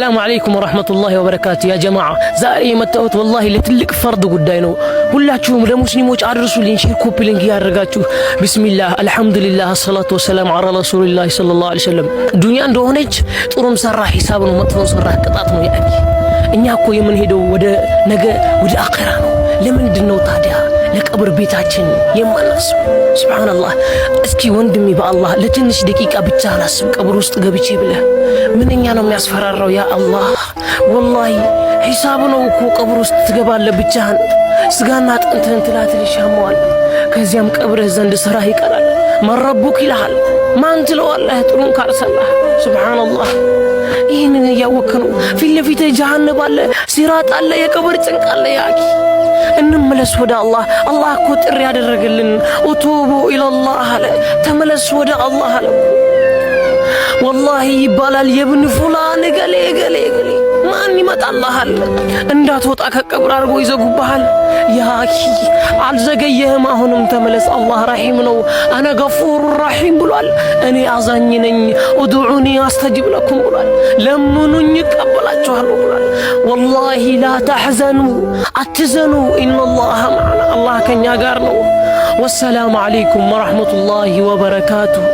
ሰላም አለይኩም ወረህመቱላሂ ወበረካቱ። ያ ጀማዓ ዛሬ የመጣሁት ወላሂ ለትልቅ ፈርድ ጉዳይ ነው። ሁላችሁም ለሙስሊሞች አድርሱልኝ፣ ሼር ኮፒ ሊንክ እያደረጋችሁ ቢስሚላህ፣ አልሐምዱሊላህ፣ አሰላቱ ወሰላም አላ ረሱሊላህ ሰለላሁ ዐለይሂ ወሰለም። ዱንያ እንደሆነች ጥሩም ሰራ ሂሳብ ነው፣ መጥፎም ሰራ ቅጣት ነው። ያኔ እኛ እኮ የምንሄደው ወደ ነገ ወደ አኼራ ነው። ለምንድን ነው ታዲያ ለቀብር ቤታችን የማናስብ ስብሓንላህ። እስኪ ወንድሜ በአላህ ለትንሽ ደቂቃ ብቻ አላስብ ቀብር ውስጥ ገብቼ ብለህ ምንኛ ነው የሚያስፈራራው? ያ አላህ ወላሂ ሂሳብ ነው እኮ ቀብር ውስጥ ትገባለህ ብቻህን። ስጋና አጥንትህን ትላትል ይሻመዋል። ከዚያም ቀብረህ ዘንድ ስራህ ይቀራል። መረቡክ ይልሃል። ማን ትለዋለህ? ጥሩን ካልሰላህ ሱብሓነላህ። ይህንን እያወክ ነው። ፊት ለፊት ጀሃነብ አለ፣ ሲራጥ አለ፣ የቀብር ጭንቅ አለ። ያኪ እንመለስ ወደ አላህ። አላህ እኮ ጥሪ ያደረገልን ኡቱቡ ኢለላህ አለ፣ ተመለስ ወደ አላህ አለ። ወላሂ ይባላል የብን ፉላን ገሌ ገሌ ገሌ ማን ይመጣልሃል? እንዳትወጣ ከቀብር አድርጎ ይዘጉብሃል። ያኪ አልዘገየህም፣ አሁንም ተመለስ። አላህ ራሒም ነው። አነ ገፉር ራሒም ብሏል። እኔ አዛኝ ነኝ። ኡድዑኒ አስተጅብ ለኩም ብሏል። ለምኑኝ ይቀበላችኋለሁ ብሏል። ወላሂ ላ ተሕዘኑ፣ አትዘኑ። ኢነላህ ማዕና፣ አላህ ከኛ ጋር ነው። ወሰላሙ ዓለይኩም ወረሕመቱላሂ ወበረካቱሁ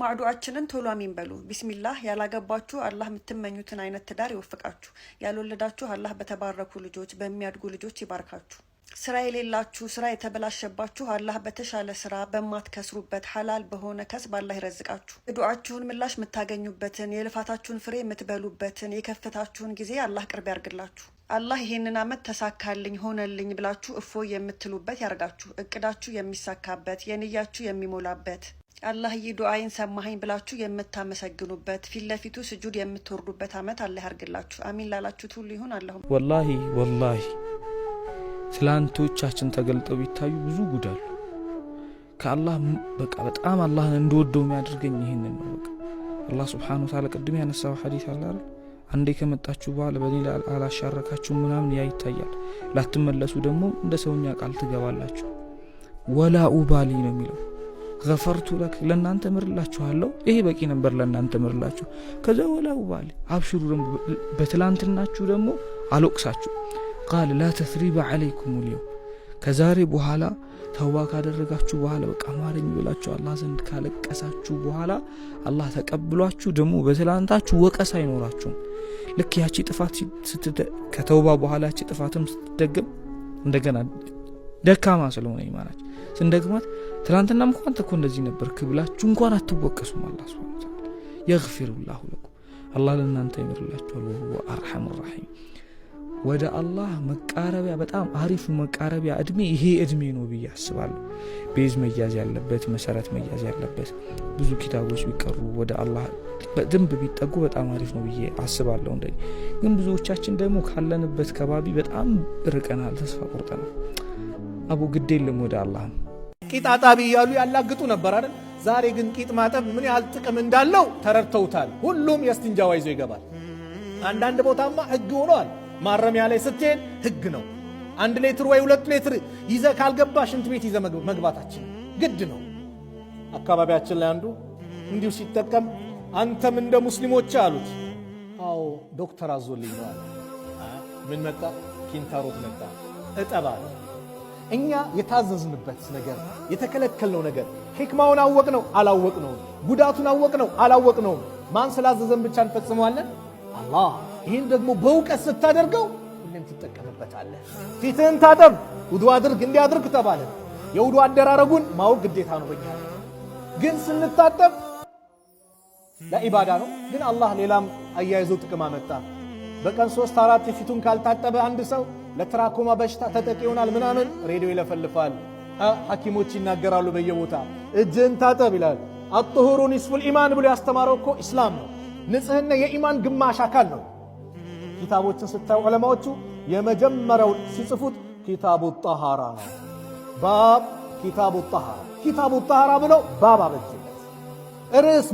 ማዕዱአችንን ቶሎ አሚን በሉ። ቢስሚላህ። ያላገባችሁ አላህ የምትመኙትን አይነት ትዳር ይወፍቃችሁ። ያልወለዳችሁ አላህ በተባረኩ ልጆች በሚያድጉ ልጆች ይባርካችሁ። ስራ የሌላችሁ ስራ የተበላሸባችሁ አላህ በተሻለ ስራ በማትከስሩበት ሀላል በሆነ ከስብ አላህ ይረዝቃችሁ። የዱዓችሁን ምላሽ የምታገኙበትን የልፋታችሁን ፍሬ የምትበሉበትን የከፍታችሁን ጊዜ አላህ ቅርብ ያርግላችሁ። አላህ ይሄንን አመት ተሳካልኝ ሆነልኝ ብላችሁ እፎ የምትሉበት ያርጋችሁ። እቅዳችሁ የሚሳካበት የንያችሁ የሚሞላበት አላህዬ ዱአይን ሰማኸኝ ብላችሁ የምታመሰግኑበት ፊት ለፊቱ ስጁድ የምትወርዱበት አመት አላህ ያርግላችሁ። አሚን ላላችሁት ሁሉ ይሁን። አለሁ ወላሂ ወላሂ ትላንቶቻችን ተገልጠው ቢታዩ ብዙ ጉዳሉ ከአላህ በቃ በጣም አላህን እንደወደው የሚያደርገኝ ይህንን ነው። በቃ አላህ ስብሓነ ወተዓላ ቅድም ያነሳው ሐዲስ አለ አይደል? አንዴ ከመጣችሁ በኋላ በሌላ አላሻረካችሁ ምናምን ያ ይታያል። ላትመለሱ ደግሞ እንደ ሰውኛ ቃል ትገባላችሁ። ወላ ኡባሊ ነው የሚለው ገፈርቱ ለክ ለእናንተ ምርላችኋለሁ። ይሄ በቂ ነበር ለእናንተ ምርላችሁ። ከዛ ወላ ውባል አብሽሩ ደግሞ በትላንትናችሁ ደግሞ አልወቅሳችሁ ቃል ላ ተስሪበ ዓለይኩም ልየው ከዛሬ በኋላ ተውባ ካደረጋችሁ በኋላ በቃ ማረኝ ብላችሁ አላ ዘንድ ካለቀሳችሁ በኋላ አላ ተቀብሏችሁ ደግሞ በትላንታችሁ ወቀስ አይኖራችሁም። ልክ ያቺ ጥፋት ከተውባ በኋላ ያቺ ጥፋትም ስትደግም እንደገና ደካማ ስለሆነ ኢማናች ስንደግማት ትላንትና እንኳን ተኮ እንደዚህ ነበር ክብላችሁ እንኳን አትወቀሱም። አላ ስ የግፊር ላሁ ለኩም ለእናንተ ይምርላችኋል። ወሁወ አርሐም ራሒም ወደ አላህ መቃረቢያ በጣም አሪፉ መቃረቢያ እድሜ ይሄ እድሜ ነው ብዬ አስባለሁ። ቤዝ መያዝ ያለበት መሰረት መያዝ ያለበት ብዙ ኪታቦች ቢቀሩ ወደ አላህ በድንብ ቢጠጉ በጣም አሪፍ ነው ብዬ አስባለሁ። እንደ ግን ብዙዎቻችን ደግሞ ካለንበት ከባቢ በጣም ርቀናል፣ ተስፋ ቁርጠናል አቡ ግድ የለም ወደ አላህ ቂጥ አጣቢ እያሉ ያላግጡ ነበር አይደል? ዛሬ ግን ቂጥ ማጠብ ምን ያህል ጥቅም እንዳለው ተረድተውታል። ሁሉም የስትንጃዋ ይዞ ይገባል። አንዳንድ ቦታማ ህግ ሆኗል። ማረሚያ ላይ ስትሄድ ህግ ነው። አንድ ሌትር ወይ ሁለት ሌትር ይዘ ካልገባ ሽንት ቤት ይዘ መግባታችን ግድ ነው። አካባቢያችን ላይ አንዱ እንዲሁ ሲጠቀም አንተም እንደ ሙስሊሞች አሉት። አዎ ዶክተር አዞልኝ ነዋል። ምን መጣ? ኪንታሮት መጣ። እጠባለሁ እኛ የታዘዝንበት ነገር የተከለከልነው ነገር ሕክማውን አወቅ ነው አላወቅ ነው ጉዳቱን አወቅ ነው አላወቅ ነው ማን ስላዘዘን ብቻ እንፈጽመዋለን። አላህ ይህን ደግሞ በእውቀት ስታደርገው ሁሌም ትጠቀምበታለህ። ፊትህን ታጠብ፣ ውዱ አድርግ፣ እንዲያድርግ ተባለ። የውዱ አደራረጉን ማወቅ ግዴታ ነው። በኛ ግን ስንታጠብ ለኢባዳ ነው። ግን አላህ ሌላም አያይዞ ጥቅም አመጣ። በቀን ሶስት አራት ፊቱን ካልታጠበ አንድ ሰው ለትራኮማ በሽታ ተጠቂ ይሆናል ምናምን ሬዲዮ ይለፈልፋል። ሐኪሞች ይናገራሉ በየቦታ እጅን ታጠብ ይላል። አጥሁሩ ኒስፉል ኢማን ብሎ ያስተማረው እኮ ኢስላም ነው። ንጽህና የኢማን ግማሽ አካል ነው። ኪታቦችን ስታዩ ዕለማዎቹ የመጀመሪያው ሲጽፉት ኪታቡ ጣሃራ ባብ ኪታቡ ጣሃራ ኪታቡ ጣሃራ ብለው ባብ አበጁለት። ርዕስ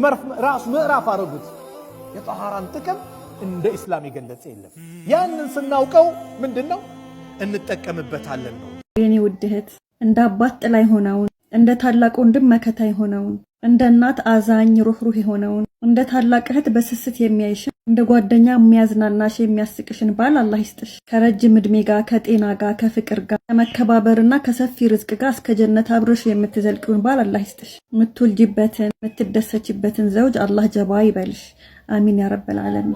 ራሱ ምዕራፍ አረጉት የጣሃራን ጥቅም እንደ ኢስላም የገለጸ የለም። ያንን ስናውቀው ምንድን ነው እንጠቀምበታለን ነው። የኔ ውድ እህት እንደ አባት ጥላ የሆነውን እንደ ታላቅ ወንድም መከታ የሆነውን እንደ እናት አዛኝ ሩህሩህ የሆነውን እንደ ታላቅ እህት በስስት የሚያይሽን እንደ ጓደኛ የሚያዝናናሽ የሚያስቅሽን ባል አላህ ይስጥሽ። ከረጅም እድሜ ጋር ከጤና ጋር ከፍቅር ጋር ከመከባበርና ከሰፊ ርዝቅ ጋር እስከ ጀነት አብረሽ የምትዘልቂውን ባል አላህ ይስጥሽ። የምትወልጂበትን የምትደሰችበትን ዘውጅ አላህ ጀባ ይበልሽ። አሚን ያረበል